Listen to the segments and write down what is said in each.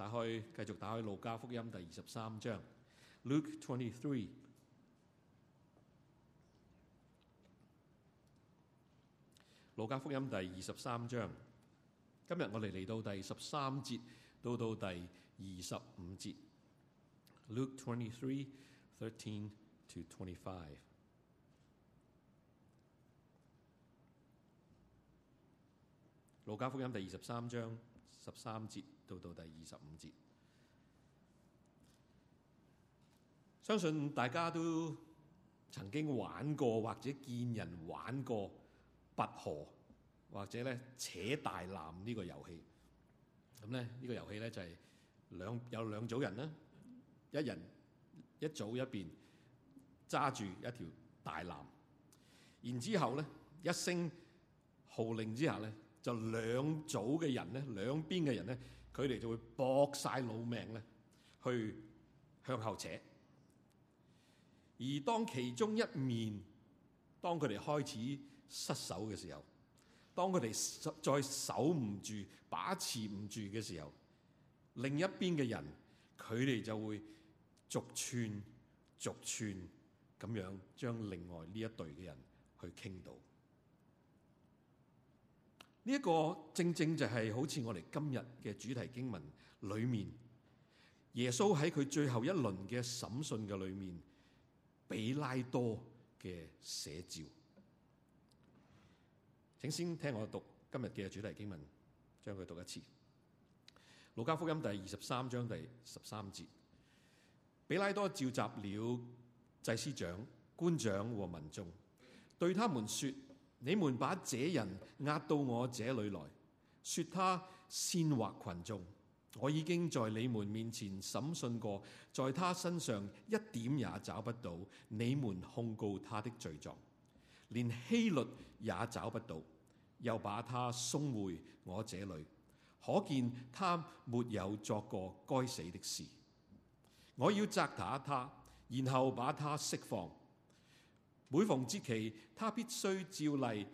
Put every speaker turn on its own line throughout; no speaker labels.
打開，繼續打開路加福音第二十三章。Luke twenty three。路加福音第二十三章，今日我哋嚟到第十三節，到到第二十五節。Luke twenty three thirteen to twenty five。路加福音第二十三章，十三節。到到第二十五節，相信大家都曾經玩過或者見人玩過拔河或者咧扯大纜呢個遊戲。咁咧呢個遊戲咧就係兩有兩組人咧，一人一組一邊揸住一條大纜，然之後咧一聲號令之下咧，就兩組嘅人咧兩邊嘅人咧。佢哋就會搏晒老命咧，去向後扯。而當其中一面，當佢哋開始失守嘅時候，當佢哋再守唔住、把持唔住嘅時候，另一邊嘅人，佢哋就會逐寸逐寸咁樣將另外呢一隊嘅人去傾倒。呢一個正正就係好似我哋今日嘅主題經文裏面，耶穌喺佢最後一輪嘅審訊嘅裏面，彼拉多嘅寫照。請先聽我讀今日嘅主題經文，將佢讀一次。路加福音第二十三章第十三節，彼拉多召集了祭司長、官長和民眾，對他們說。你們把這人押到我這裏來，說他煽惑群眾。我已經在你們面前審訊過，在他身上一點也找不到你們控告他的罪狀，連希律也找不到，又把他送回我這裏。可見他沒有作過該死的事。我要責打他，然後把他釋放。每逢節期，他必須照例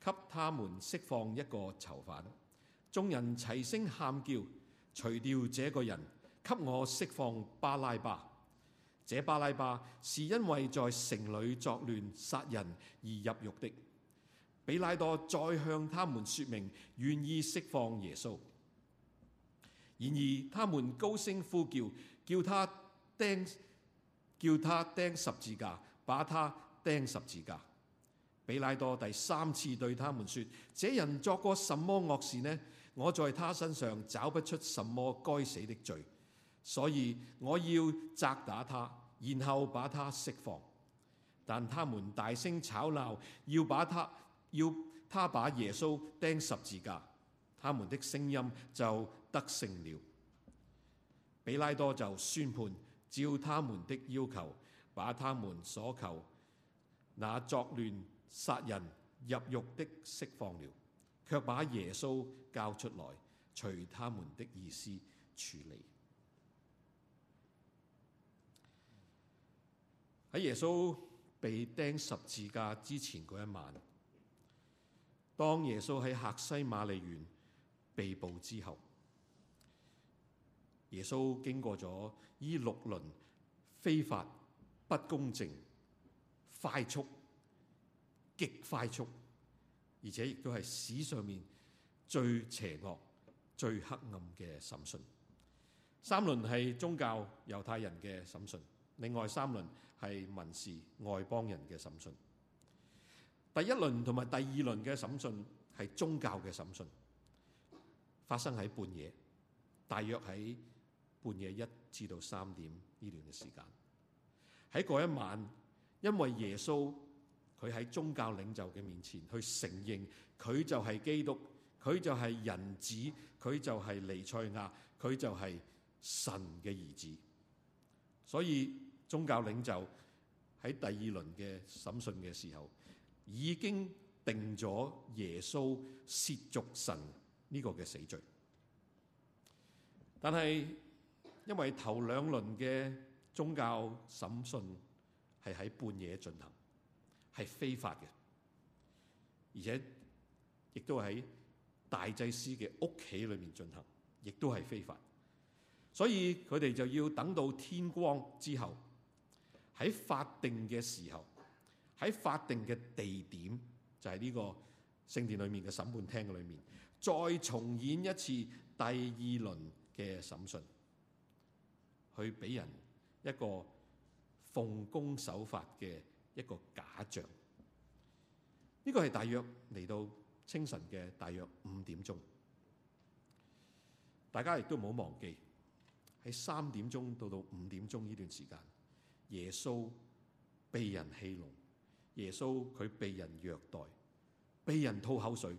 給他們釋放一個囚犯。眾人齊聲喊叫：除掉這個人，給我釋放巴拉巴！這巴拉巴是因為在城裏作亂殺人而入獄的。彼拉多再向他們說明願意釋放耶穌，然而他們高聲呼叫，叫他釘，叫他釘十字架，把他。釘十字架，比拉多第三次對他們說：這人作過什麼惡事呢？我在他身上找不出什麼該死的罪，所以我要責打他，然後把他釋放。但他們大聲吵鬧，要把他，要他把耶穌釘十字架，他們的聲音就得勝了。比拉多就宣判，照他們的要求，把他們所求。那作亂殺人入獄的釋放了，卻把耶穌交出來，隨他們的意思處理。喺耶穌被釘十字架之前嗰一晚，當耶穌喺客西馬利園被捕之後，耶穌經過咗呢六輪非法不公正。快速，極快速，而且亦都係史上面最邪惡、最黑暗嘅審訊。三輪係宗教猶太人嘅審訊，另外三輪係民事外邦人嘅審訊。第一輪同埋第二輪嘅審訊係宗教嘅審訊，發生喺半夜，大約喺半夜一至到三點呢段嘅時間。喺嗰一晚。因為耶穌佢喺宗教領袖嘅面前去承認佢就係基督，佢就係人子，佢就係彌賽亞，佢就係神嘅兒子。所以宗教領袖喺第二輪嘅審訊嘅時候，已經定咗耶穌褻瀆神呢個嘅死罪。但係因為頭兩輪嘅宗教審訊。係喺半夜進行，係非法嘅，而且亦都喺大祭司嘅屋企裏面進行，亦都係非法。所以佢哋就要等到天光之後，喺法定嘅時候，喺法定嘅地點，就係呢個聖殿裏面嘅審判廳裏面，再重演一次第二輪嘅審訊，去俾人一個。奉公守法嘅一個假象，呢個係大約嚟到清晨嘅大約五點鐘。大家亦都唔好忘記，喺三點鐘到到五點鐘呢段時間，耶穌被人戲弄，耶穌佢被人虐待，被人吐口水，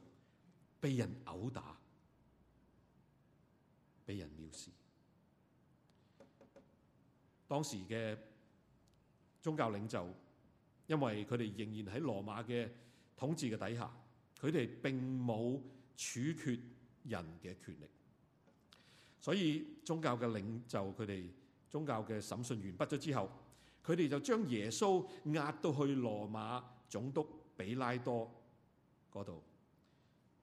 被人毆打，被人藐視。當時嘅宗教領袖，因為佢哋仍然喺羅馬嘅統治嘅底下，佢哋並冇處決人嘅權力，所以宗教嘅領袖佢哋宗教嘅審訊完畢咗之後，佢哋就將耶穌押到去羅馬總督彼拉多嗰度。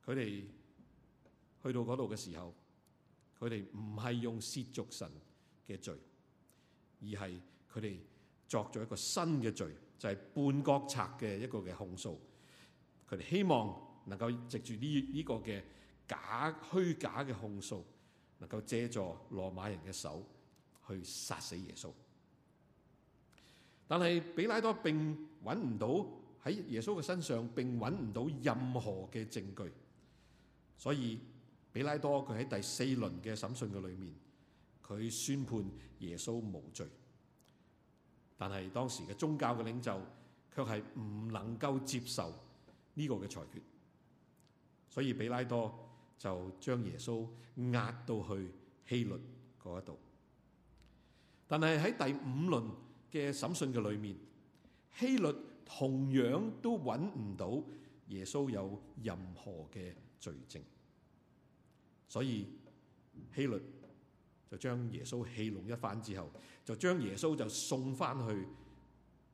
佢哋去到嗰度嘅時候，佢哋唔係用褻瀆神嘅罪，而係佢哋作咗一個新嘅罪，就係、是、叛國賊嘅一個嘅控訴。佢哋希望能夠藉住呢呢個嘅假虛假嘅控訴，能夠借助羅馬人嘅手去殺死耶穌。但係彼拉多並揾唔到喺耶穌嘅身上並揾唔到任何嘅證據，所以彼拉多佢喺第四輪嘅審訊嘅裏面，佢宣判耶穌無罪。但係當時嘅宗教嘅領袖，卻係唔能夠接受呢個嘅裁決，所以彼拉多就將耶穌押到去希律嗰度。但係喺第五輪嘅審訊嘅裏面，希律同樣都揾唔到耶穌有任何嘅罪證，所以希律，就將耶穌戲弄一番之後，就將耶穌就送翻去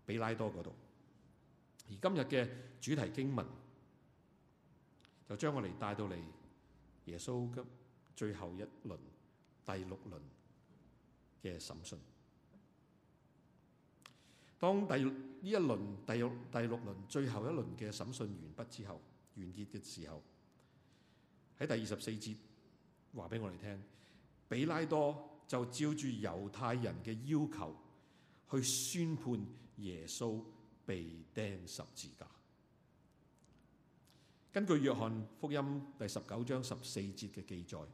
彼拉多嗰度。而今日嘅主題經文就將我哋帶到嚟耶穌嘅最後一輪、第六輪嘅審訊。當第呢一輪、第六第六輪最後一輪嘅審訊完畢之後、完結嘅時候，喺第二十四節話俾我哋聽。比拉多就照住猶太人嘅要求去宣判耶穌被釘十字架。根據《約翰福音》第十九章十四節嘅記載，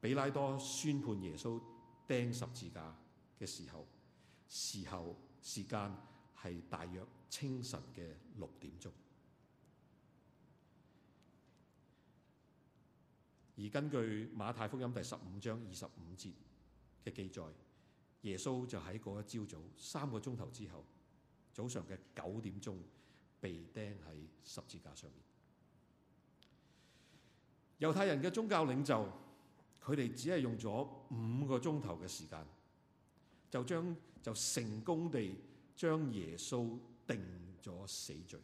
比拉多宣判耶穌釘十字架嘅時候，時候時間係大約清晨嘅六點鐘。而根據馬太福音第十五章二十五節嘅記載，耶穌就喺嗰一朝早，早三個鐘頭之後，早上嘅九點鐘被釘喺十字架上面。猶太人嘅宗教領袖，佢哋只係用咗五個鐘頭嘅時間，就將就成功地將耶穌定咗死罪。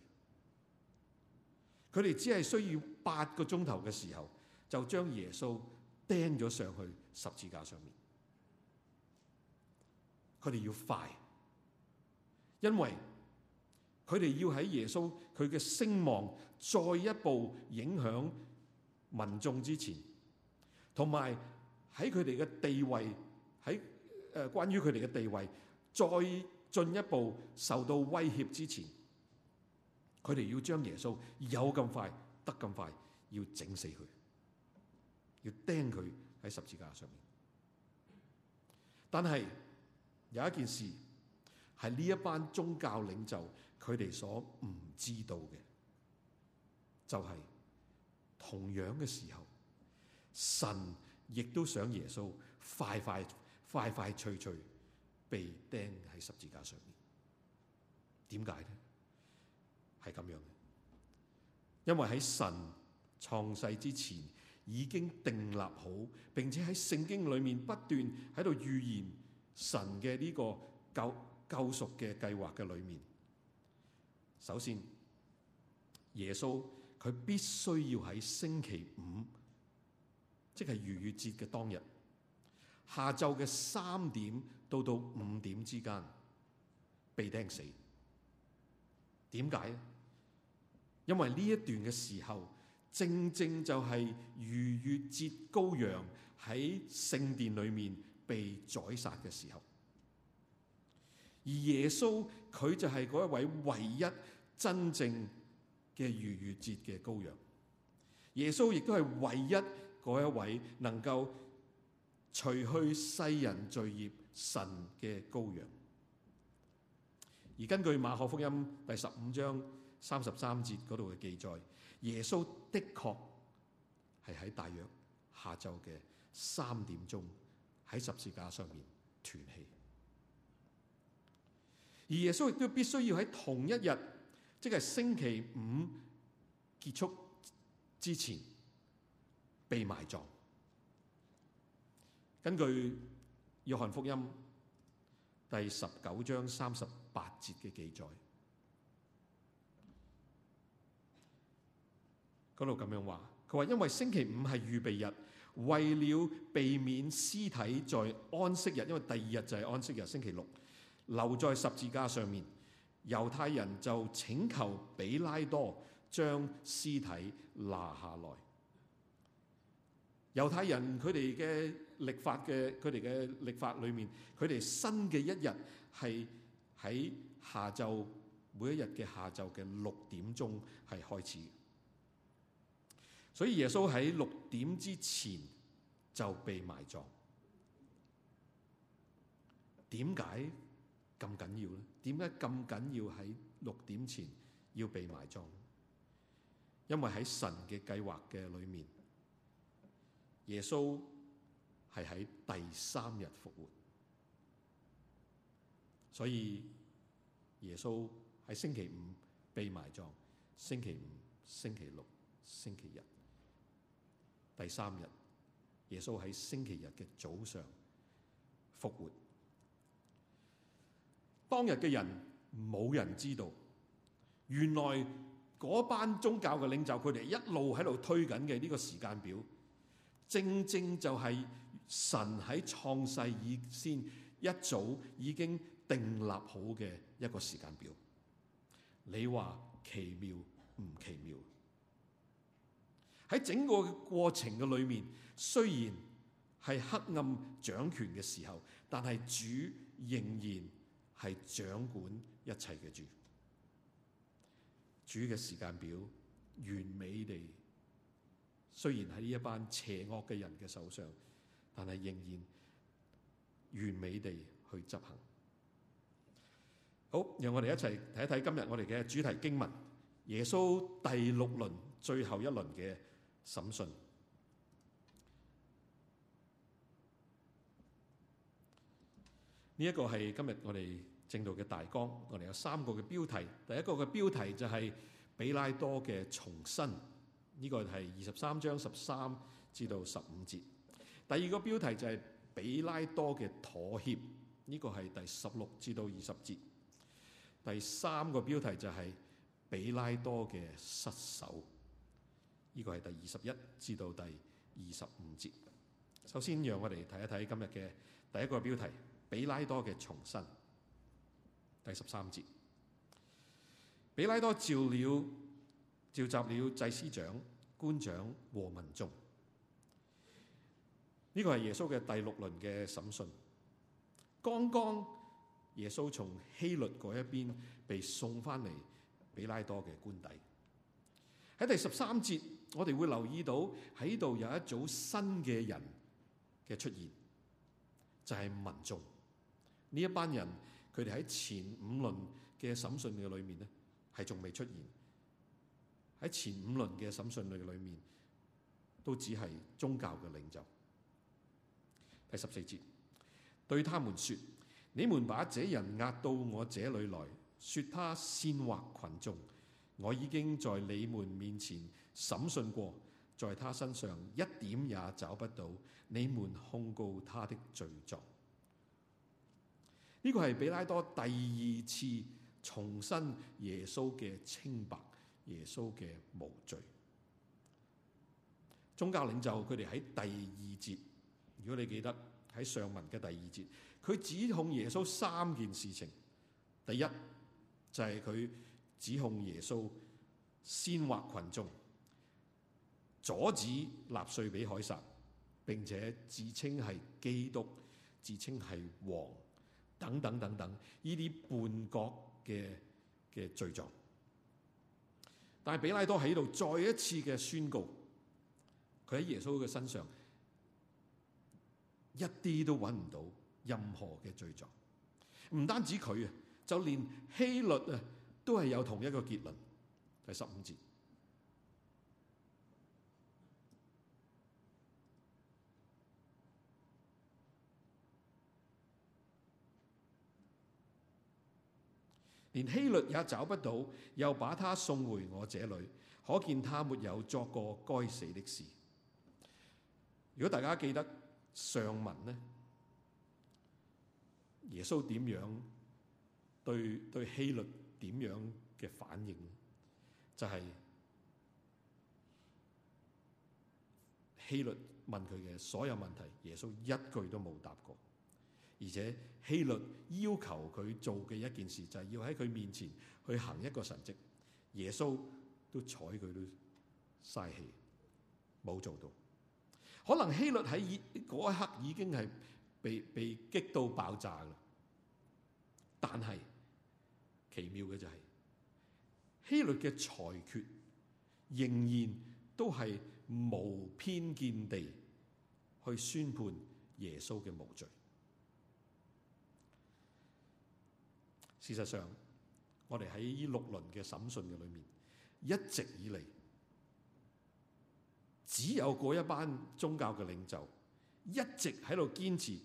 佢哋只係需要八個鐘頭嘅時候。就將耶穌釘咗上去十字架上面，佢哋要快，因為佢哋要喺耶穌佢嘅聲望再一步影響民眾之前，同埋喺佢哋嘅地位喺，誒，關於佢哋嘅地位再進一步受到威脅之前，佢哋要將耶穌有咁快得咁快，要整死佢。要釘佢喺十字架上面，但係有一件事係呢一班宗教領袖佢哋所唔知道嘅，就係同樣嘅時候，神亦都想耶穌快快快快脆脆被釘喺十字架上面。點解呢？係咁樣嘅，因為喺神創世之前。已經訂立好，並且喺聖經裏面不斷喺度預言神嘅呢個救救贖嘅計劃嘅裏面。首先，耶穌佢必須要喺星期五，即係逾越節嘅當日，下晝嘅三點到到五點之間被釘死。點解？因為呢一段嘅時候。正正就係逾越節羔羊喺聖殿裏面被宰殺嘅時候，而耶穌佢就係嗰一位唯一真正嘅逾越節嘅羔羊。耶穌亦都係唯一嗰一位能夠除去世人罪孽神嘅羔羊。而根據馬可福音第十五章三十三節嗰度嘅記載。耶穌的確係喺大約下晝嘅三點鐘喺十字架上面斷氣，而耶穌亦都必須要喺同一日，即係星期五結束之前被埋葬。根據《約翰福音》第十九章三十八節嘅記載。嗰度咁樣話，佢話因為星期五係預備日，為了避免屍體在安息日，因為第二日就係安息日，星期六留在十字架上面。猶太人就請求彼拉多將屍體拿下來。猶太人佢哋嘅曆法嘅，佢哋嘅曆法裏面，佢哋新嘅一日係喺下晝，每一日嘅下晝嘅六點鐘係開始。所以耶穌喺六點之前就被埋葬。點解咁緊要呢？點解咁緊要喺六點前要被埋葬？因為喺神嘅計劃嘅裏面，耶穌係喺第三日復活。所以耶穌喺星期五被埋葬，星期五、星期六、星期日。第三日，耶穌喺星期日嘅早上復活。當日嘅人冇人知道，原來嗰班宗教嘅領袖，佢哋一路喺度推緊嘅呢個時間表，正正就係神喺創世以先一早已經訂立好嘅一個時間表。你話奇妙唔奇妙？喺整個的過程嘅裏面，雖然係黑暗掌權嘅時候，但係主仍然係掌管一切嘅主。主嘅時間表完美地，雖然喺呢一班邪惡嘅人嘅手上，但係仍然完美地去執行。好，讓我哋一齊睇一睇今日我哋嘅主題經文，耶穌第六輪最後一輪嘅。審訊呢一個係今日我哋正道嘅大綱，我哋有三個嘅標題。第一個嘅標題就係彼拉多嘅重申，呢個係二十三章十三至到十五節。第二個標題就係彼拉多嘅妥協，呢個係第十六至到二十節。第三個標題就係彼拉多嘅失守。呢個係第二十一至到第二十五節。首先，讓我哋睇一睇今日嘅第一個標題：彼拉多嘅重審。第十三節，彼拉多召了召集了祭司長、官長和民眾。呢、這個係耶穌嘅第六輪嘅審訊。剛剛耶穌從希律嗰一邊被送翻嚟彼拉多嘅官邸。喺第十三節。我哋會留意到喺度有一組新嘅人嘅出現，就係、是、民眾呢一班人。佢哋喺前五輪嘅審訊嘅裏面呢，係仲未出現，喺前五輪嘅審訊裏裏面，都只係宗教嘅領袖。第十四節，對他們說：你們把這人押到我這裏來，說他煽惑群眾。我已經在你們面前。審訊過，在他身上一點也找不到你們控告他的罪狀。呢個係比拉多第二次重申耶穌嘅清白，耶穌嘅無罪。宗教領袖佢哋喺第二節，如果你記得喺上文嘅第二節，佢指控耶穌三件事情。第一就係、是、佢指控耶穌先惑群眾。阻止納稅俾該撒，並且自稱係基督，自稱係王，等等等等，呢啲叛國嘅嘅罪狀。但係彼拉多喺度再一次嘅宣告，佢喺耶穌嘅身上一啲都揾唔到任何嘅罪狀。唔單止佢啊，就連希律啊都係有同一個結論。第十五節。連希律也找不到，又把他送回我這裏，可見他沒有作過該死的事。如果大家記得上文呢，耶穌點樣對對希律點樣嘅反應，就係希律問佢嘅所有問題，耶穌一句都冇答過。而且希律要求佢做嘅一件事，就係要喺佢面前去行一個神跡。耶穌都睬佢都嘥氣，冇做到。可能希律喺嗰一刻已經係被被激到爆炸啦。但係奇妙嘅就係希律嘅裁決仍然都係無偏見地去宣判耶穌嘅無罪。事實上，我哋喺呢六輪嘅審訊嘅裏面，一直以嚟只有嗰一班宗教嘅領袖一直喺度堅持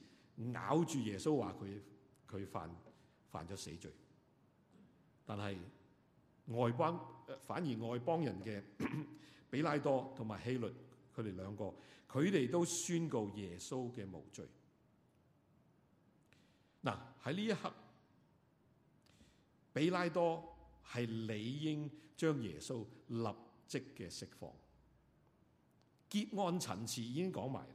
咬住耶穌話佢佢犯犯咗死罪。但係外邦反而外邦人嘅比拉多同埋希律，佢哋兩個佢哋都宣告耶穌嘅無罪。嗱，喺呢一刻。比拉多係理應將耶穌立即嘅釋放，結案陳詞已經講埋，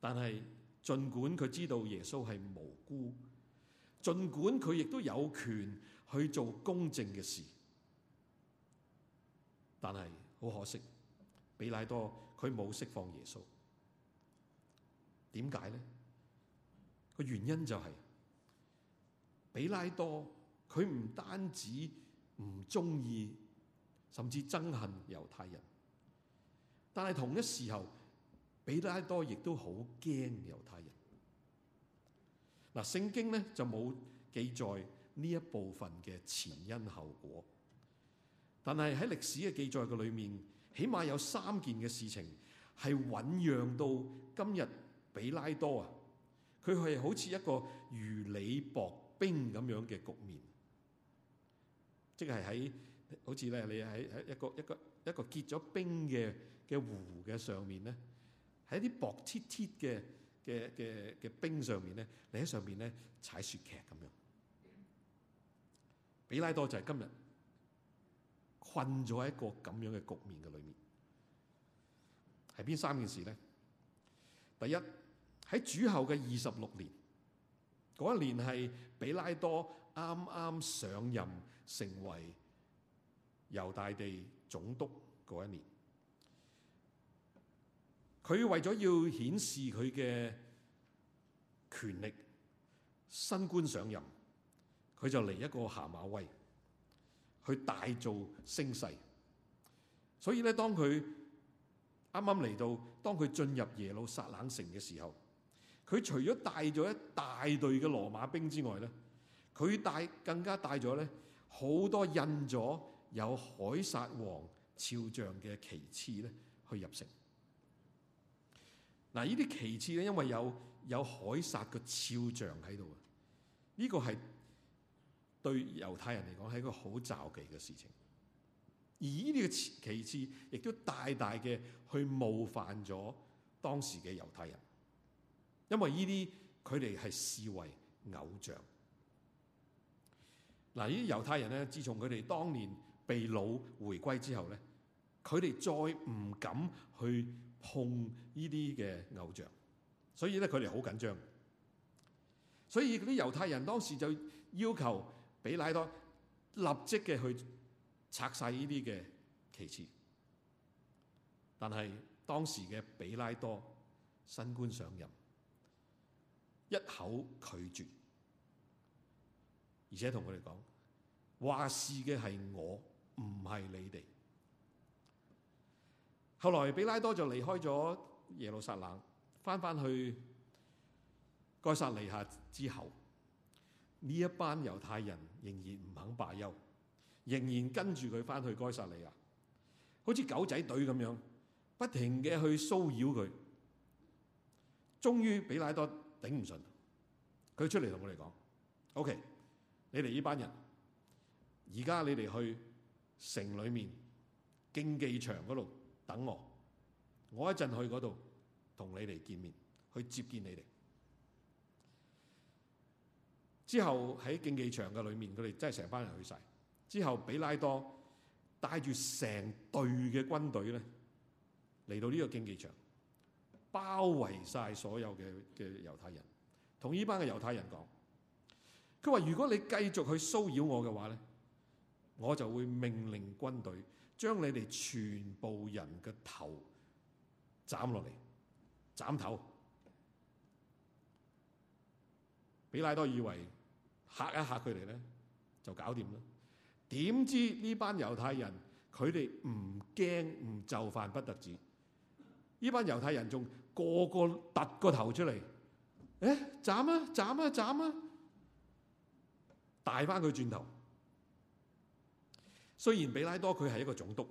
但係儘管佢知道耶穌係無辜，儘管佢亦都有權去做公正嘅事，但係好可惜，比拉多佢冇釋放耶穌，點解咧？個原因就係、是。彼拉多佢唔單止唔鍾意，甚至憎恨猶太人。但係同一時候，彼拉多亦都好驚猶太人。嗱、啊，聖經咧就冇記載呢一部分嘅前因後果。但係喺歷史嘅記載嘅裏面，起碼有三件嘅事情係醞釀到今日。彼拉多啊，佢係好似一個如履薄。冰咁樣嘅局面，即係喺好似咧，你喺喺一個一個一個結咗冰嘅嘅湖嘅上面咧，喺啲薄切切嘅嘅嘅嘅冰上面咧，你喺上面咧踩雪屐咁樣。彼拉多就係今日困咗喺一個咁樣嘅局面嘅裏面，係邊三件事咧？第一，喺主後嘅二十六年。嗰一年係比拉多啱啱上任成為猶大地總督嗰一年，佢為咗要顯示佢嘅權力，新官上任，佢就嚟一個下馬威，去大造聲勢。所以咧，當佢啱啱嚟到，當佢進入耶路撒冷城嘅時候，佢除咗帶咗一大隊嘅羅馬兵之外咧，佢帶更加帶咗咧好多印咗有凱撒王肖像嘅旗幟咧去入城。嗱，依啲旗幟咧，因為有有凱撒嘅肖像喺度啊，呢、呢個係對猶太人嚟講係一個好驟忌嘅事情。而呢啲嘅旗幟亦都大大嘅去冒犯咗當時嘅猶太人。因為呢啲佢哋係視為偶像。嗱，呢啲猶太人咧，自從佢哋當年被擄回歸之後咧，佢哋再唔敢去碰呢啲嘅偶像，所以咧佢哋好緊張。所以啲猶太人當時就要求比拉多立即嘅去拆晒呢啲嘅旗幟。但係當時嘅比拉多新官上任。一口拒絕，而且同佢哋講，話事嘅係我，唔係你哋。後來彼拉多就離開咗耶路撒冷，翻翻去該撒利亞之後，呢一班猶太人仍然唔肯罷休，仍然跟住佢翻去該撒利亞，好似狗仔隊咁樣，不停嘅去騷擾佢。終於彼拉多頂唔順，佢出嚟同我哋講：OK，你哋呢班人，而家你哋去城裏面競技場嗰度等我，我一陣去嗰度同你哋見面，去接見你哋。之後喺競技場嘅裏面，佢哋真係成班人去晒。之後彼拉多帶住成隊嘅軍隊咧，嚟到呢個競技場。包圍晒所有嘅嘅猶太人，同呢班嘅猶太人講，佢話如果你繼續去騷擾我嘅話咧，我就會命令軍隊將你哋全部人嘅頭斬落嚟，斬頭。彼拉多以為嚇一嚇佢哋咧就搞掂啦，點知呢班猶太人佢哋唔驚唔就範不特止。呢班猶太人仲個個凸個頭出嚟，誒斬啊斬啊斬啊！大翻佢轉頭。雖然比拉多佢係一個總督，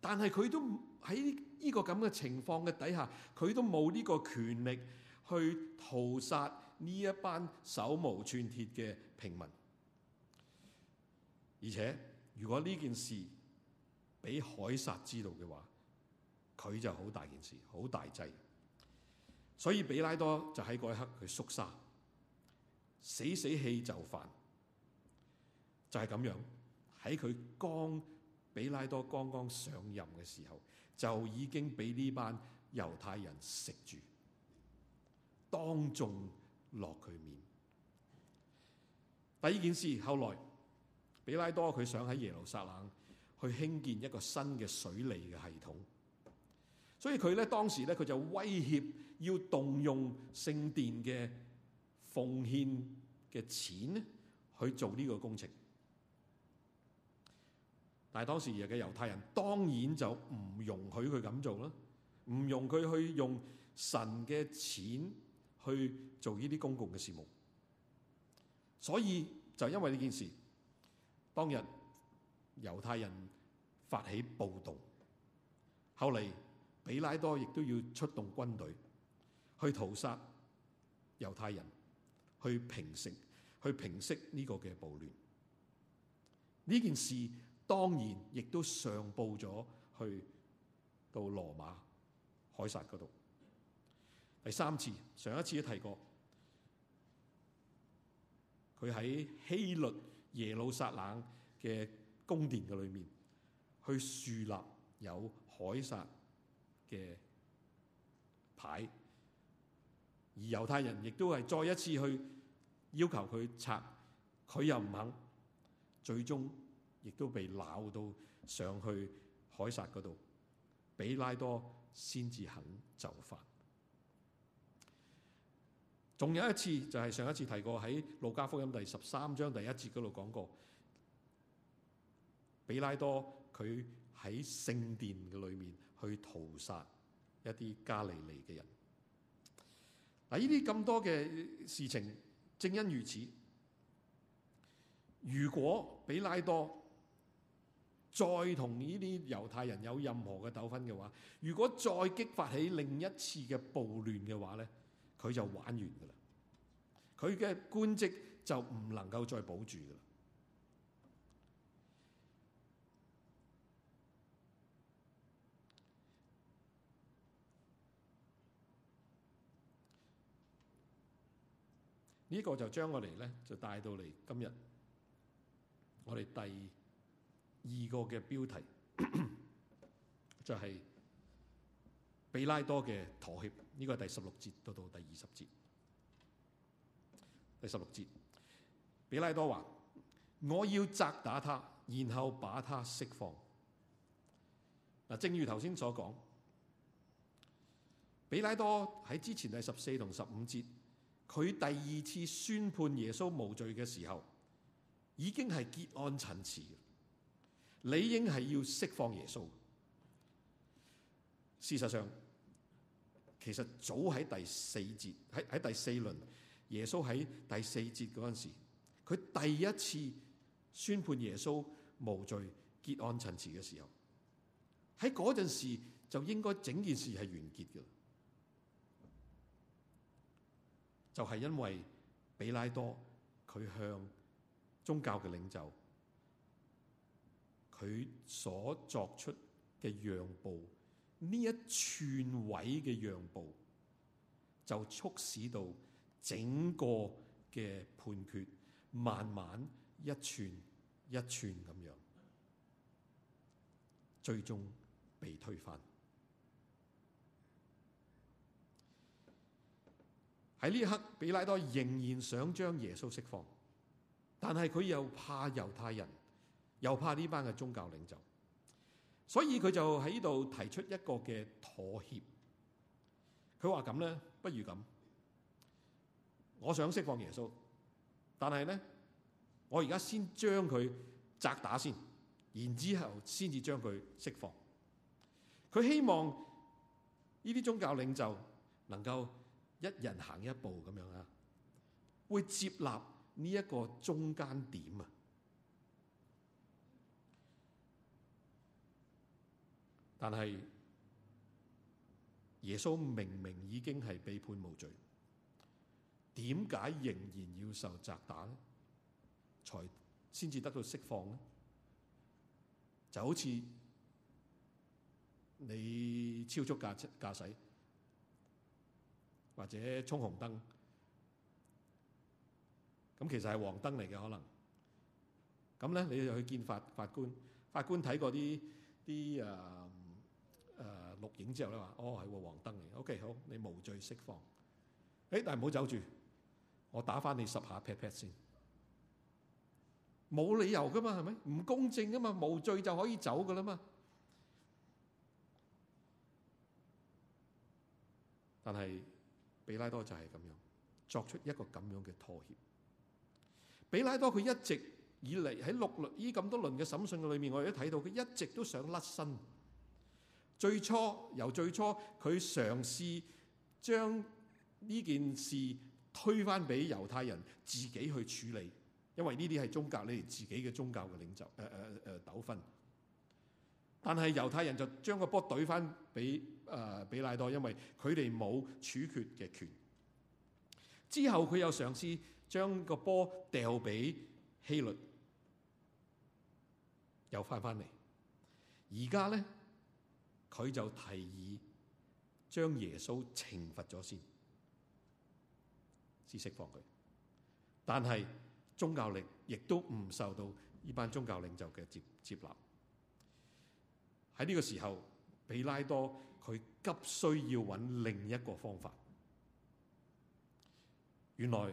但係佢都喺呢個咁嘅情況嘅底下，佢都冇呢個權力去屠殺呢一班手無寸鐵嘅平民。而且如果呢件事俾凱撒知道嘅話，佢就好大件事，好大劑，所以彼拉多就喺嗰一刻佢縮沙死死氣就犯，就係咁樣喺佢剛彼拉多剛剛上任嘅時候，就已經俾呢班猶太人食住，當眾落佢面。第二件事，後來彼拉多佢想喺耶路撒冷去興建一個新嘅水利嘅系統。所以佢咧當時咧佢就威脅要動用聖殿嘅奉獻嘅錢去做呢個工程，但係當時嘅猶太人當然就唔容許佢咁做啦，唔容許佢去用神嘅錢去做呢啲公共嘅事務。所以就因為呢件事，當日猶太人發起暴動，後嚟。彼拉多亦都要出動軍隊去屠殺猶太人，去平息去平息呢個嘅暴亂。呢件事當然亦都上報咗去到羅馬海撒嗰度。第三次，上一次都提過，佢喺希律耶路撒冷嘅宮殿嘅裏面去樹立有海撒。嘅牌，而猶太人亦都係再一次去要求佢拆，佢又唔肯，最終亦都被鬧到上去凱撒嗰度，比拉多先至肯就範。仲有一次就係、是、上一次提過喺《路加福音》第十三章第一節嗰度講過，比拉多佢喺聖殿嘅裏面。去屠殺一啲加利利嘅人。嗱，呢啲咁多嘅事情，正因如此，如果彼拉多再同呢啲猶太人有任何嘅糾紛嘅話，如果再激發起另一次嘅暴亂嘅話咧，佢就玩完噶啦，佢嘅官職就唔能夠再保住噶啦。呢個就將我哋呢就帶到嚟今日，我哋第二個嘅標題 就係、是、比拉多嘅妥協。呢、這個係第十六節到到第二十節。第十六節，比拉多話：我要責打他，然後把他釋放。嗱，正如頭先所講，比拉多喺之前係十四同十五節。佢第二次宣判耶穌無罪嘅時候，已經係結案陳詞，理應係要釋放耶穌。事實上，其實早喺第四節喺喺第四輪，耶穌喺第四節嗰陣時，佢第一次宣判耶穌無罪結案陳詞嘅時候，喺嗰陣時就應該整件事係完結嘅。就係因為彼拉多佢向宗教嘅領袖，佢所作出嘅讓步，呢一串位一寸位嘅讓步，就促使到整個嘅判決慢慢一寸一寸咁樣，最終被推翻。喺呢一刻，比拉多仍然想將耶穌釋放，但係佢又怕猶太人，又怕呢班嘅宗教領袖，所以佢就喺呢度提出一個嘅妥協。佢話咁咧，不如咁，我想釋放耶穌，但係咧，我而家先將佢責打先，然之後先至將佢釋放。佢希望呢啲宗教領袖能夠。一人行一步咁樣啊，會接納呢一個中間點啊，但係耶穌明明已經係被判無罪，點解仍然要受責打咧？才先至得到釋放咧？就好似你超速駕駛駕駛。或者衝紅燈，咁其實係黃燈嚟嘅可能。咁咧，你就去見法法官，法官睇過啲啲誒誒錄影之後咧話：哦，係個黃燈嚟。OK，好，你無罪釋放。誒，但係唔好走住，我打翻你十下 pat pat 先。冇理由噶嘛，係咪？唔公正噶嘛，無罪就可以走噶啦嘛。但係。比拉多就係咁樣作出一個咁樣嘅妥協。比拉多佢一直以嚟喺六輪呢咁多輪嘅審訊嘅裏面，我哋都睇到佢一直都想甩身。最初由最初佢嘗試將呢件事推返俾猶太人自己去處理，因為呢啲係宗教，你哋自己嘅宗教嘅領袖誒誒誒糾紛。但係猶太人就將個波懟翻俾。誒彼拉多，因為佢哋冇處決嘅權。之後佢又嘗試將個波掉俾希律，又翻翻嚟。而家咧，佢就提議將耶穌懲罰咗先，先釋放佢。但係宗教力亦都唔受到呢班宗教領袖嘅接接納。喺呢個時候，彼拉多。佢急需要揾另一個方法。原來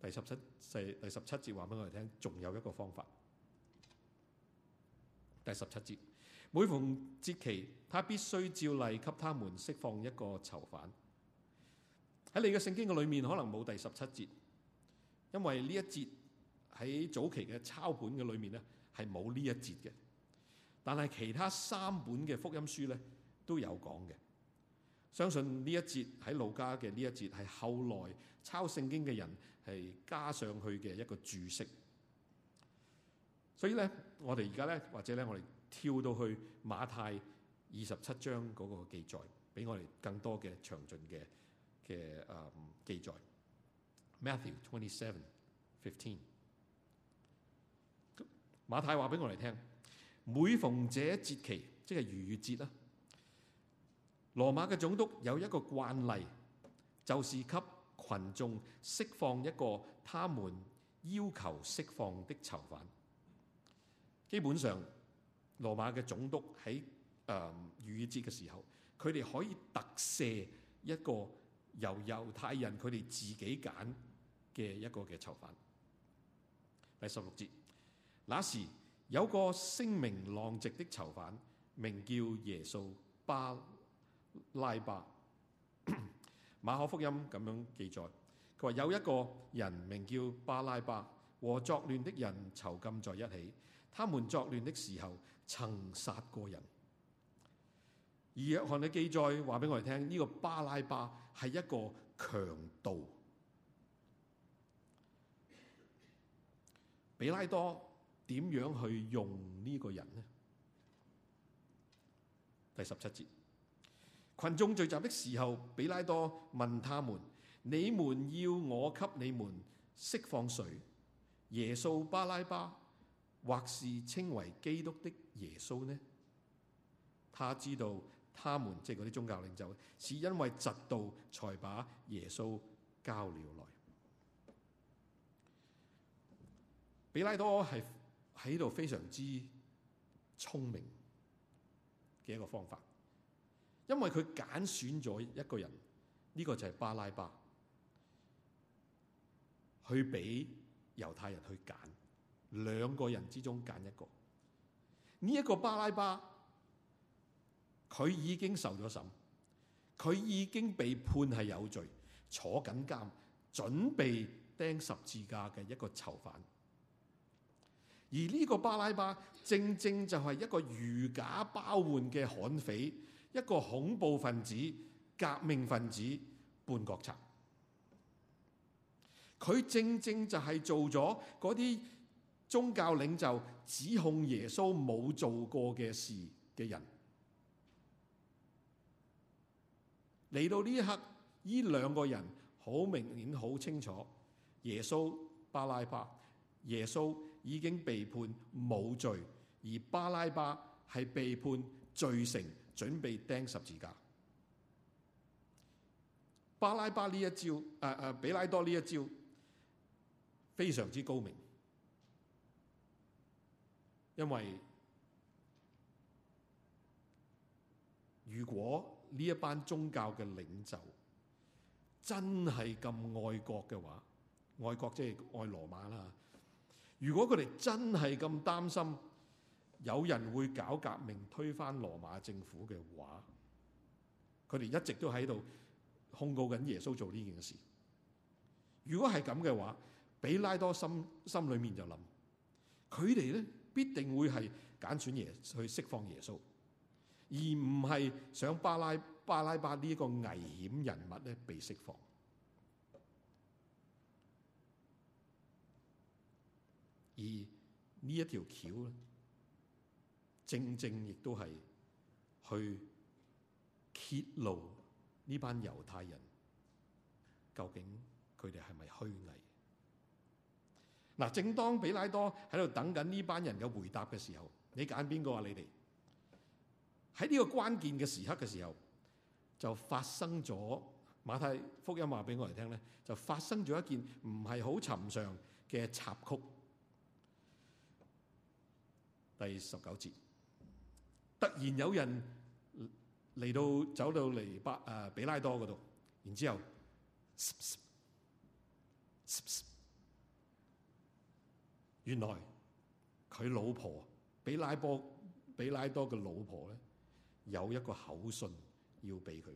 第十七世第十七節話俾我哋聽，仲有一個方法。第十七節，每逢節期，他必須照例給他們釋放一個囚犯。喺你嘅聖經嘅裏面，可能冇第十七節，因為呢一節喺早期嘅抄本嘅裏面咧係冇呢一節嘅。但係其他三本嘅福音書咧。都有講嘅，相信呢一節喺老家嘅呢一節係後來抄聖經嘅人係加上去嘅一個注釋。所以咧，我哋而家咧或者咧，我哋跳到去馬太二十七章嗰個記載，俾我哋更多嘅詳盡嘅嘅誒記載。Matthew twenty seven fifteen，馬太話俾我哋聽，每逢這一節期，即係逾越節啦。羅馬嘅總督有一個慣例，就是給群眾釋放一個他們要求釋放的囚犯。基本上，羅馬嘅總督喺誒逾越節嘅時候，佢哋可以特赦一個由猶太人佢哋自己揀嘅一個嘅囚犯。第十六節，那時有個聲名狼藉的囚犯，名叫耶穌巴。拉巴馬可福音咁樣記載，佢話有一個人名叫巴拉巴，和作亂的人囚禁在一起。他們作亂的時候曾殺過人。而約翰嘅記載話俾我哋聽，呢個巴拉巴係一個強盜。彼拉多點樣去用呢個人呢？第十七節。群眾聚集的時候，彼拉多問他們：你們要我給你們釋放誰？耶穌巴拉巴，或是稱為基督的耶穌呢？他知道他們即係嗰啲宗教領袖，是因為嫉妒，才把耶穌交了來。彼拉多係喺度非常之聰明嘅一個方法。因為佢揀選咗一個人，呢個就係巴拉巴，去俾猶太人去揀兩個人之中揀一個。呢一個巴拉巴，佢已經受咗審，佢已經被判係有罪，坐緊監，準備釘十字架嘅一個囚犯。而呢個巴拉巴正正就係一個如假包換嘅悍匪。一個恐怖分子、革命分子、叛國賊，佢正正就係做咗嗰啲宗教領袖指控耶穌冇做過嘅事嘅人。嚟到呢一刻，呢兩個人好明顯好清楚，耶穌、巴拉巴，耶穌已經被判冇罪，而巴拉巴係被判罪成。準備釘十字架，巴拉巴呢一招，誒、呃、誒比拉多呢一招，非常之高明。因為如果呢一班宗教嘅領袖真係咁愛國嘅話，愛國即係愛羅馬啦。如果佢哋真係咁擔心。有人會搞革命推翻羅馬政府嘅話，佢哋一直都喺度控告緊耶穌做呢件事。如果係咁嘅話，比拉多心心裏面就諗，佢哋咧必定會係揀選耶去釋放耶穌，而唔係想巴拉巴拉巴呢一個危險人物咧被釋放。而這一條呢一條橋咧。正正亦都係去揭露呢班猶太人究竟佢哋係咪虛偽？嗱，正當彼拉多喺度等緊呢班人嘅回答嘅時候，你揀邊個啊？你哋喺呢個關鍵嘅時刻嘅時候，就發生咗馬太福音話俾我哋聽咧，就發生咗一件唔係好尋常嘅插曲。第十九節。突然有人嚟到，走到嚟巴誒比拉多度，然之後嘶嘶嘶嘶嘶嘶原來佢老婆比拉波比拉多嘅老婆咧，有一個口信要俾佢，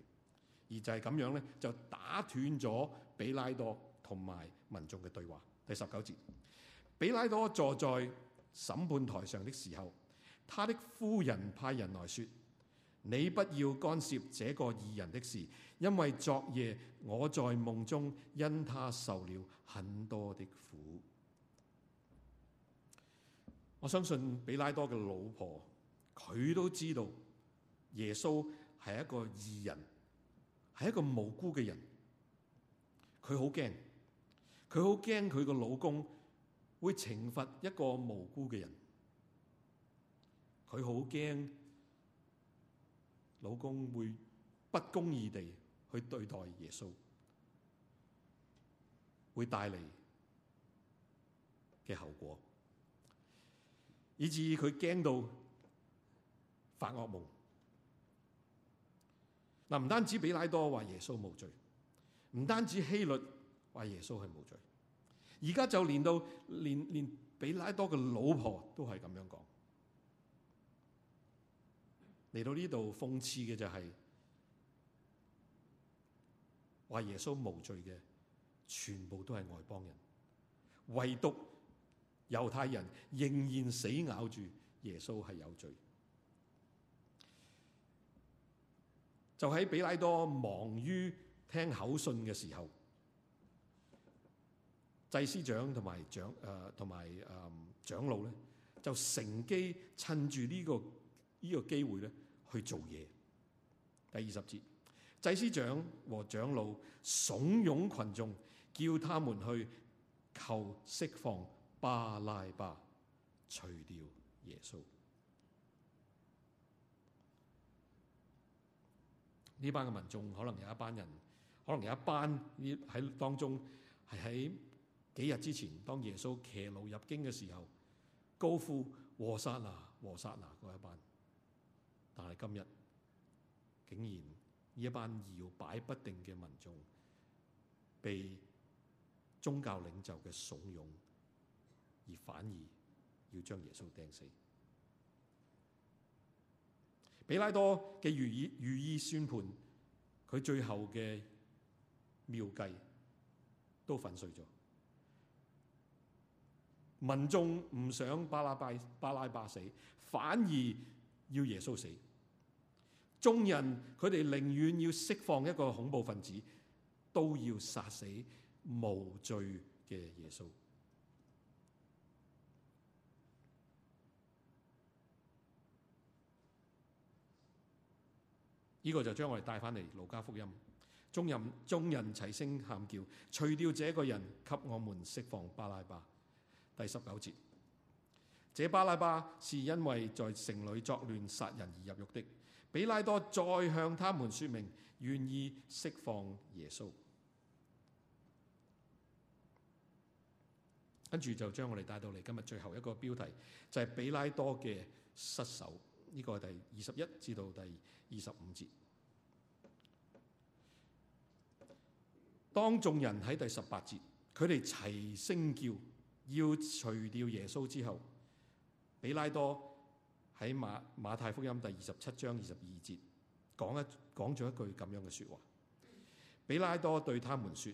而就係咁樣咧，就打斷咗比拉多同埋民眾嘅對話。第十九節，比拉多坐在審判台上的時候。他的夫人派人來說，你不要干涉這個異人的事，因為昨夜我在夢中因他受了很多的苦。我相信彼拉多嘅老婆，佢都知道耶穌係一個異人，係一個無辜嘅人。佢好驚，佢好驚佢個老公會懲罰一個無辜嘅人。佢好驚老公會不公義地去對待耶穌，會帶嚟嘅後果，以致佢驚到發惡夢。嗱，唔單止彼拉多話耶穌無罪，唔單止希律話耶穌係無罪，而家就連到連連彼拉多嘅老婆都係咁樣講。嚟到呢度諷刺嘅就係，話耶穌無罪嘅，全部都係外邦人，唯獨猶太人仍然死咬住耶穌係有罪。就喺彼拉多忙於聽口信嘅時候，祭司長同埋長呃、同埋呃、長老咧，就乘機趁住呢、呢個。這個機呢個機會咧去做嘢。第二十節，祭司長和長老慫恿群眾，叫他們去求釋放巴拉巴，除掉耶穌。呢班嘅民眾可能有一班人，可能有一班呢喺當中係喺幾日之前，當耶穌騎驢入京嘅時候，高呼和散那、和散那嗰一班。但係今日竟然呢一班搖擺不定嘅民眾，被宗教領袖嘅慫恿，而反而要將耶穌釘死。彼拉多嘅如意如意算盤、宣判，佢最後嘅妙計都粉碎咗。民眾唔想巴拉巴巴拉巴死，反而要耶穌死。眾人佢哋寧願要釋放一個恐怖分子，都要殺死無罪嘅耶穌。呢、這個就將我哋帶翻嚟《路加福音》眾。眾人眾人齊聲喊叫：除掉這個人，給我們釋放巴拉巴。第十九節，這巴拉巴是因為在城裏作亂殺人而入獄的。比拉多再向他們說明願意釋放耶穌，跟住就將我哋帶到嚟今日最後一個標題，就係比拉多嘅失守。呢個係第二十一至到第二十五節。當眾人喺第十八節，佢哋齊聲叫要除掉耶穌之後，比拉多。喺馬馬太福音第二十七章二十二節講一講咗一句咁樣嘅説話，彼拉多對他們說：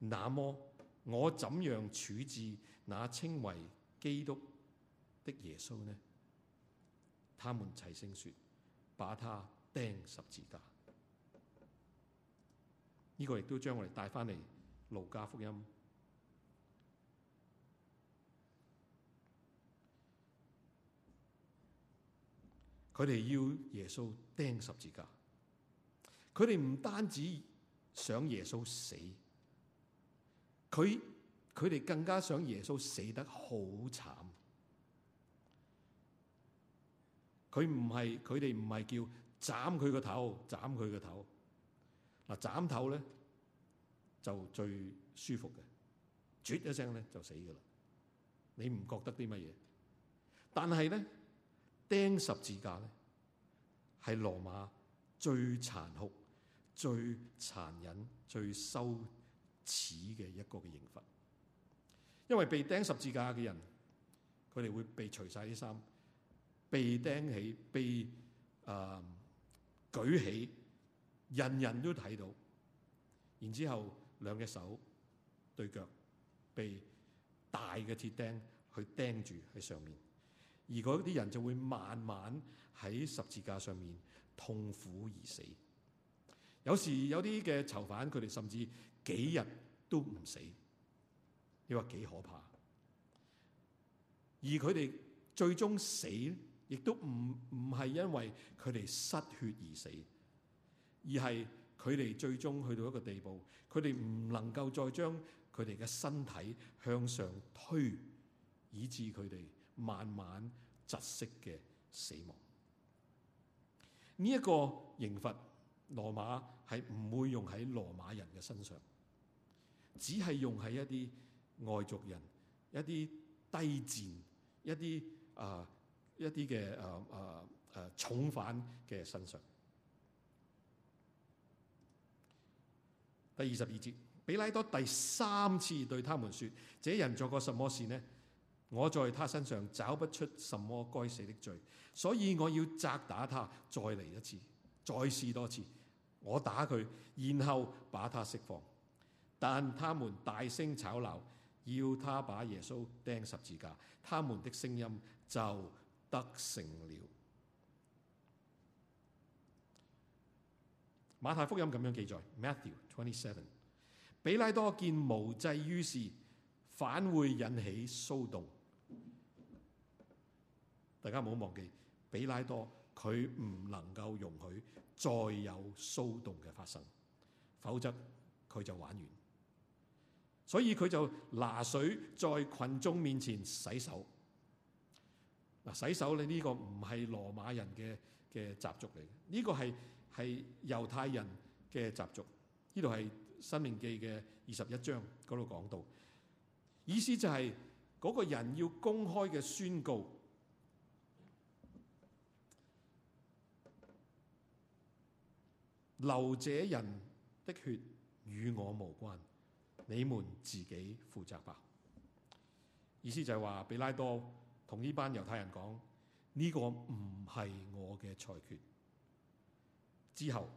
那麼我怎樣處置那稱為基督的耶穌呢？他們齊聲說：把他釘十字架。呢、這個亦都將我哋帶翻嚟路加福音。佢哋要耶穌釘十字架，佢哋唔單止想耶穌死，佢佢哋更加想耶穌死得好慘。佢唔係佢哋唔係叫斬佢個頭，斬佢個頭嗱，斬頭咧就最舒服嘅，啜一聲咧就死㗎喇，你唔覺得啲乜嘢？但係咧。釘十字架呢，係羅馬最殘酷、最殘忍、最羞恥嘅一個嘅刑罰。因為被釘十字架嘅人，佢哋會被除晒啲衫，被釘起，被啊、呃、舉起，人人都睇到。然之後兩隻手對腳，被大嘅鐵釘去釘住喺上面。而嗰啲人就會慢慢喺十字架上面痛苦而死。有時有啲嘅囚犯，佢哋甚至幾日都唔死。你話幾可怕？而佢哋最終死，亦都唔唔係因為佢哋失血而死，而係佢哋最終去到一個地步，佢哋唔能夠再將佢哋嘅身體向上推，以致佢哋，慢慢窒息嘅死亡，呢、這、一個刑罰羅馬係唔會用喺羅馬人嘅身上，只係用喺一啲外族人、一啲低賤、一啲啊一啲嘅啊啊啊重犯嘅身上。第二十二節，彼拉多第三次對他們說：這人做過什麼事呢？我在他身上找不出什麼該死的罪，所以我要責打他，再嚟一次，再試多次。我打佢，然後把他釋放。但他們大聲吵鬧，要他把耶穌釘十字架。他們的聲音就得成了。馬太福音咁樣記載，Matthew twenty seven，比拉多見無濟於事，反會引起騷動。大家唔好忘記，比拉多佢唔能夠容許再有騷動嘅發生，否則佢就玩完。所以佢就拿水在群眾面前洗手。嗱，洗手咧呢、這個唔係羅馬人嘅嘅習俗嚟，呢、這個係係猶太人嘅習俗。呢度係《申命記》嘅二十一章嗰度講到，意思就係、是、嗰、那個人要公開嘅宣告。流這人的血與我無關，你們自己負責吧。意思就係話，比拉多同呢班猶太人講，呢個唔係我嘅裁決。之後，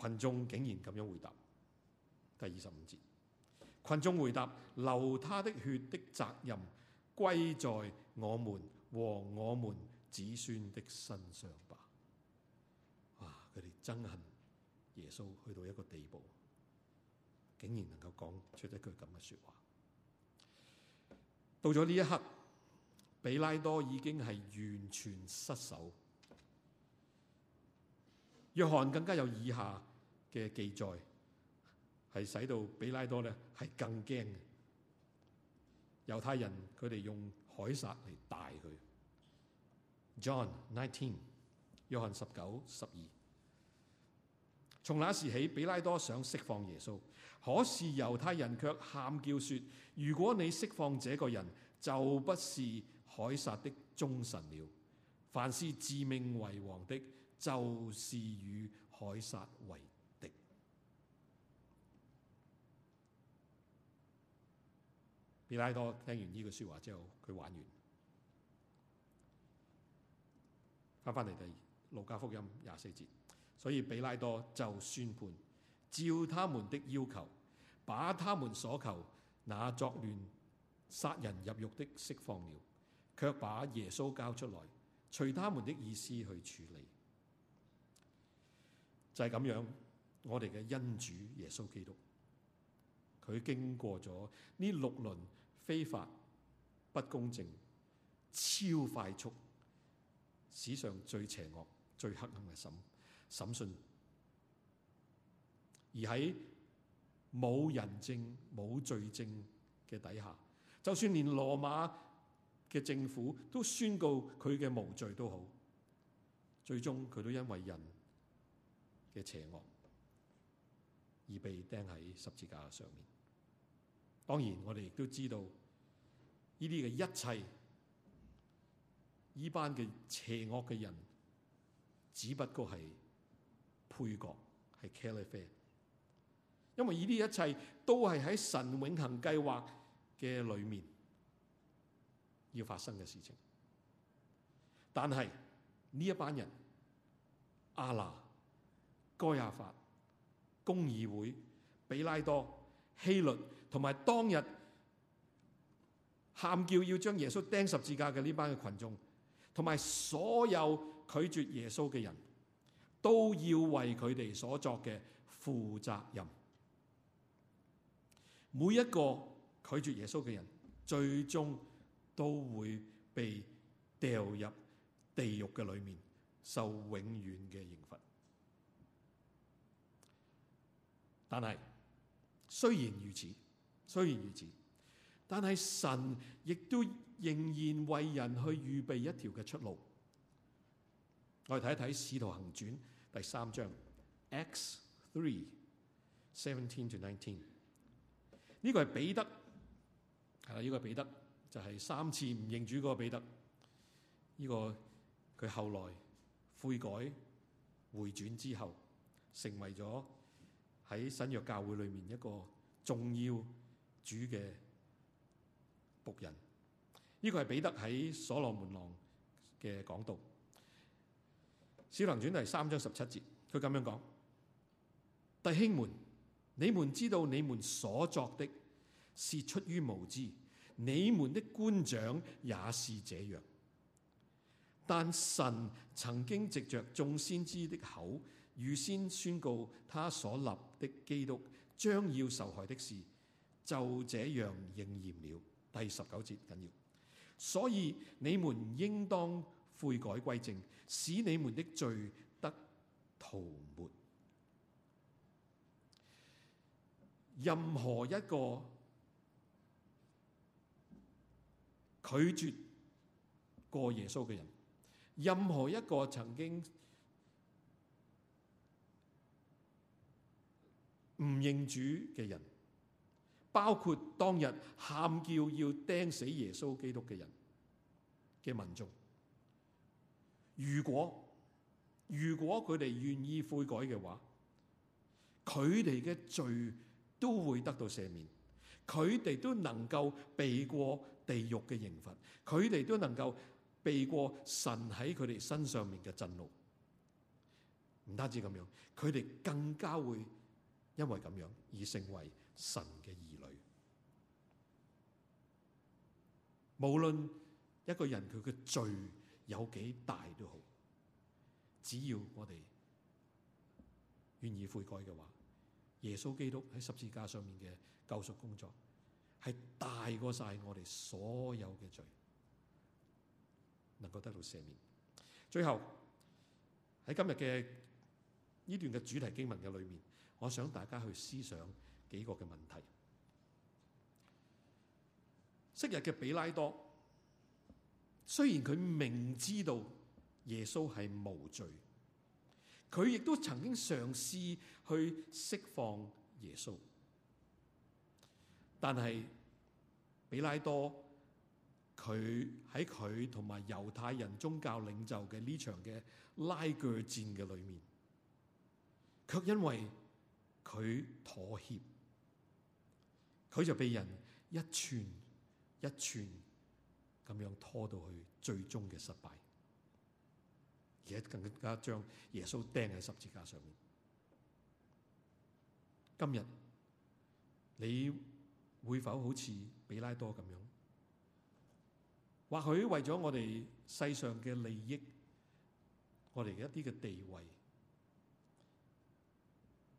群眾竟然咁樣回答。第二十五節，群眾回答：流他的血的責任歸在我們和我們子孫的身上。佢哋憎恨耶穌去到一個地步，竟然能夠講出一句咁嘅説話。到咗呢一刻，彼拉多已經係完全失守。約翰更加有以下嘅記載，係使到彼拉多咧係更驚。猶太人佢哋用凱撒嚟帶佢。John Nineteen，約翰十九十二。從那時起，比拉多想釋放耶穌，可是猶太人卻喊叫說：如果你釋放這個人，就不是凱撒的忠臣了。凡是自命為王的，就是與凱撒為敵。比拉多聽完呢句說話之後，佢玩完，翻翻嚟第二路加福音廿四節。所以彼拉多就宣判，照他們的要求，把他們所求那作亂殺人入獄的釋放了，卻把耶穌交出來，隨他們的意思去處理。就係、是、咁樣，我哋嘅恩主耶穌基督，佢經過咗呢六輪非法不公正、超快速、史上最邪惡最黑暗嘅審。審訊而喺冇人證、冇罪證嘅底下，就算連羅馬嘅政府都宣告佢嘅無罪都好，最終佢都因為人嘅邪惡而被釘喺十字架上面。當然，我哋亦都知道，呢啲嘅一切，呢班嘅邪惡嘅人，只不過係，配角係 Caliph，因為呢啲一切都係喺神永恆計劃嘅裏面要發生嘅事情。但係呢一班人，亞那、該亞法、公議會、彼拉多、希律，同埋當日喊叫要將耶穌釘十字架嘅呢班嘅群眾，同埋所有拒絕耶穌嘅人。都要為佢哋所作嘅負責任。每一個拒絕耶穌嘅人，最終都會被掉入地獄嘅裏面，受永遠嘅刑罰。但係雖然如此，雖然如此，但是神亦都仍然為人去預備一條嘅出路。我哋睇一睇《使徒行傳》第三章，Acts three seventeen to nineteen。呢個係彼得，係啦，呢個係彼得，就係、是、三次唔認主嗰個彼得。呢、這個佢後來悔改回轉之後，成為咗喺新約教會裏面一個重要主嘅僕人。呢、這個係彼得喺所羅門廊嘅講道。小能傳第三章十七節，佢咁樣講：弟兄們，你們知道你們所作的是出於無知，你們的官長也是這樣。但神曾經藉着眾先知的口預先宣告他所立的基督將要受害的事，就這樣應驗了。第十九節緊要，所以你們應當。悔改歸正，使你們的罪得塗抹。任何一個拒絕過耶穌嘅人，任何一個曾經唔認主嘅人，包括當日喊叫，要釘死耶穌基督嘅人嘅民眾。如果如果佢哋願意悔改嘅話，佢哋嘅罪都會得到赦免，佢哋都能夠避過地獄嘅刑罰，佢哋都能夠避過神喺佢哋身上面嘅震怒。唔單止咁樣，佢哋更加會因為咁樣而成為神嘅兒女。無論一個人，佢嘅罪。有幾大都好，只要我哋願意悔改嘅話，耶穌基督喺十字架上面嘅救贖工作係大過晒我哋所有嘅罪，能夠得到赦免。最後，喺今日嘅呢段嘅主題經文嘅裏面，我想大家去思想幾個嘅問題。昔日嘅彼拉多。雖然佢明知道耶穌係無罪，佢亦都曾經嘗試去釋放耶穌，但係彼拉多，佢喺佢同埋猶太人宗教領袖嘅呢場嘅拉鋸戰嘅裏面，卻因為佢妥協，佢就被人一寸一寸。咁樣拖到去最終嘅失敗，而家更加將耶穌釘喺十字架上面。今日你會否好似彼拉多咁樣？或許為咗我哋世上嘅利益，我哋嘅一啲嘅地位，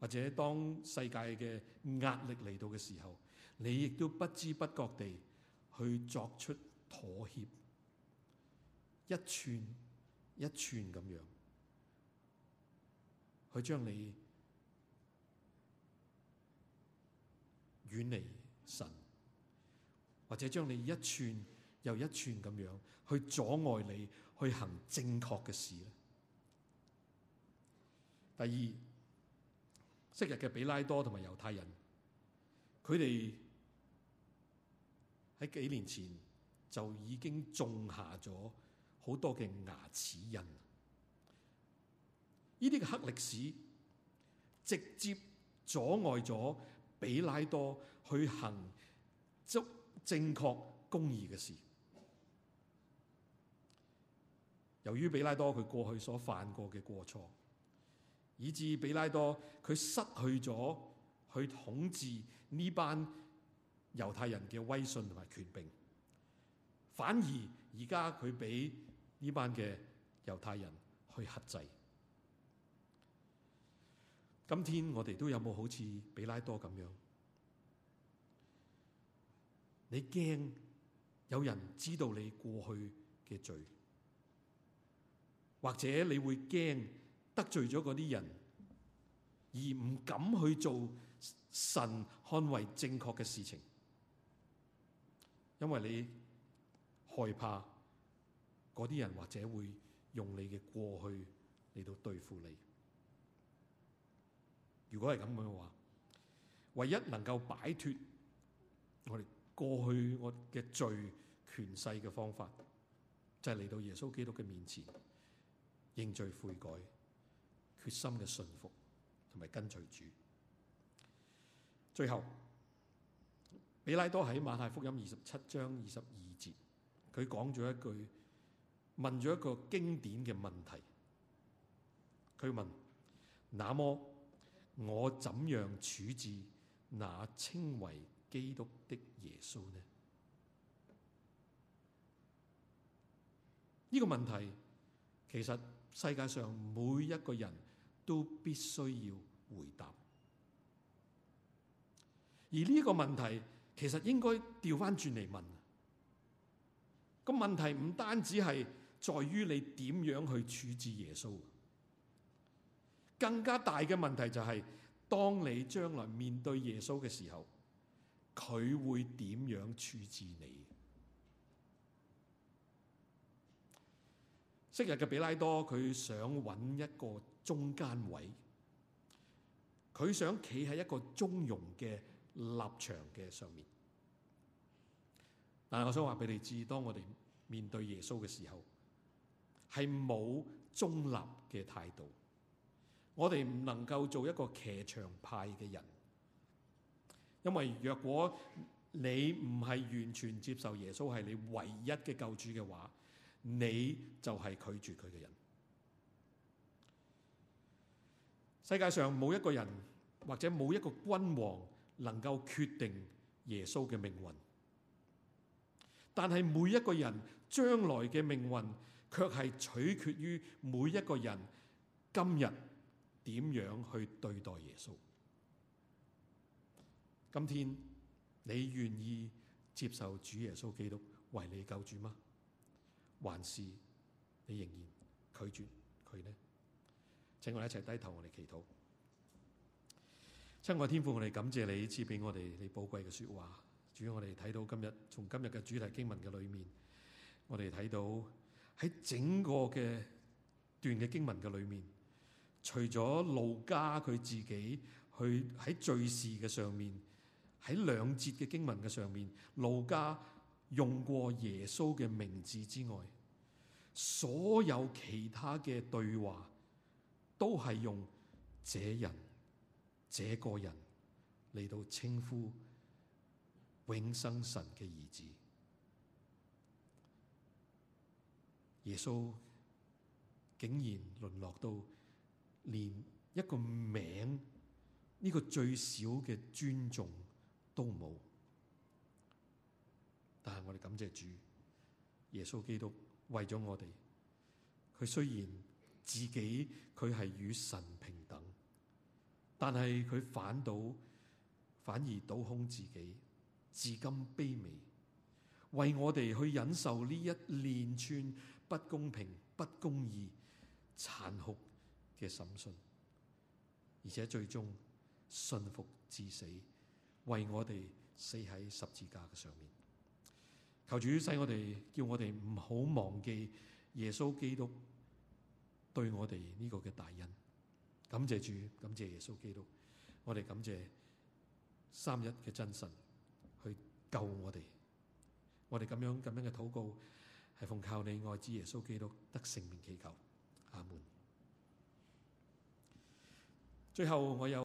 或者當世界嘅壓力嚟到嘅時候，你亦都不知不覺地去作出。妥協，一寸一寸咁樣，去將你遠離神，或者將你一寸又一寸咁樣去阻礙你去行正確嘅事。第二，昔日嘅彼拉多同埋猶太人，佢哋喺幾年前。就已經種下咗好多嘅牙齒印。呢啲黑歷史直接阻礙咗比拉多去行足正確公義嘅事。由於比拉多佢過去所犯過嘅過錯，以至比拉多佢失去咗去統治呢班猶太人嘅威信同埋權柄。反而而家佢俾呢班嘅猶太人去克制。今天我哋都有冇好似彼拉多咁樣？你驚有人知道你過去嘅罪，或者你會驚得罪咗嗰啲人，而唔敢去做神捍衛正確嘅事情，因為你。害怕嗰啲人或者會用你嘅過去嚟到對付你。如果係咁樣嘅話，唯一能夠擺脫我哋過去我嘅罪權勢嘅方法，就係、是、嚟到耶穌基督嘅面前認罪悔改，決心嘅信服同埋跟隨主。最後，彼拉多喺馬太福音二十七章二十二。佢講咗一句，問咗一個經典嘅問題。佢問：「那麼我怎樣處置那稱為基督的耶穌呢？」呢個問題其實世界上每一個人都必須要回答。而呢個問題其實應該調翻轉嚟問。個問題唔單止係在於你點樣去處置耶穌，更加大嘅問題就係當你將來面對耶穌嘅時候，佢會點樣處置你？昔日嘅彼拉多，佢想揾一個中間位，佢想企喺一個中庸嘅立場嘅上面。但係我想話俾你知，當我哋，面對耶穌嘅時候，係冇中立嘅態度。我哋唔能夠做一個騎牆派嘅人，因為若果你唔係完全接受耶穌係你唯一嘅救主嘅話，你就係拒絕佢嘅人。世界上冇一個人或者冇一個君王能夠決定耶穌嘅命運，但係每一個人。將來嘅命運，卻係取決於每一個人今日點樣去對待耶穌。今天你願意接受主耶穌基督為你救主嗎？還是你仍然拒絕佢呢？請我哋一齊低頭，我哋祈禱。親愛天父，我哋感謝你賜俾我哋你寶貴嘅說話，主，我哋睇到今日從今日嘅主題經文嘅裏面。我哋睇到喺整個嘅段嘅經文嘅裏面，除咗路加佢自己去喺敘事嘅上面，喺兩節嘅經文嘅上面，路加用過耶穌嘅名字之外，所有其他嘅對話都係用這人、這個人嚟到稱呼永生神嘅兒子。耶穌竟然淪落到連一個名呢個最少嘅尊重都冇，但係我哋感謝主，耶穌基督為咗我哋，佢雖然自己佢係與神平等，但係佢反倒反而倒空自己，至今卑微，為我哋去忍受呢一連串。不公平、不公義、殘酷嘅審訊，而且最終信服至死，為我哋死喺十字架嘅上面。求主使我哋叫我哋唔好忘記耶穌基督對我哋呢個嘅大恩，感謝主，感謝耶穌基督，我哋感謝三一嘅真神去救我哋，我哋咁樣咁樣嘅禱告。係奉靠你愛子耶穌基督得聖名祈求，阿門。最後我有。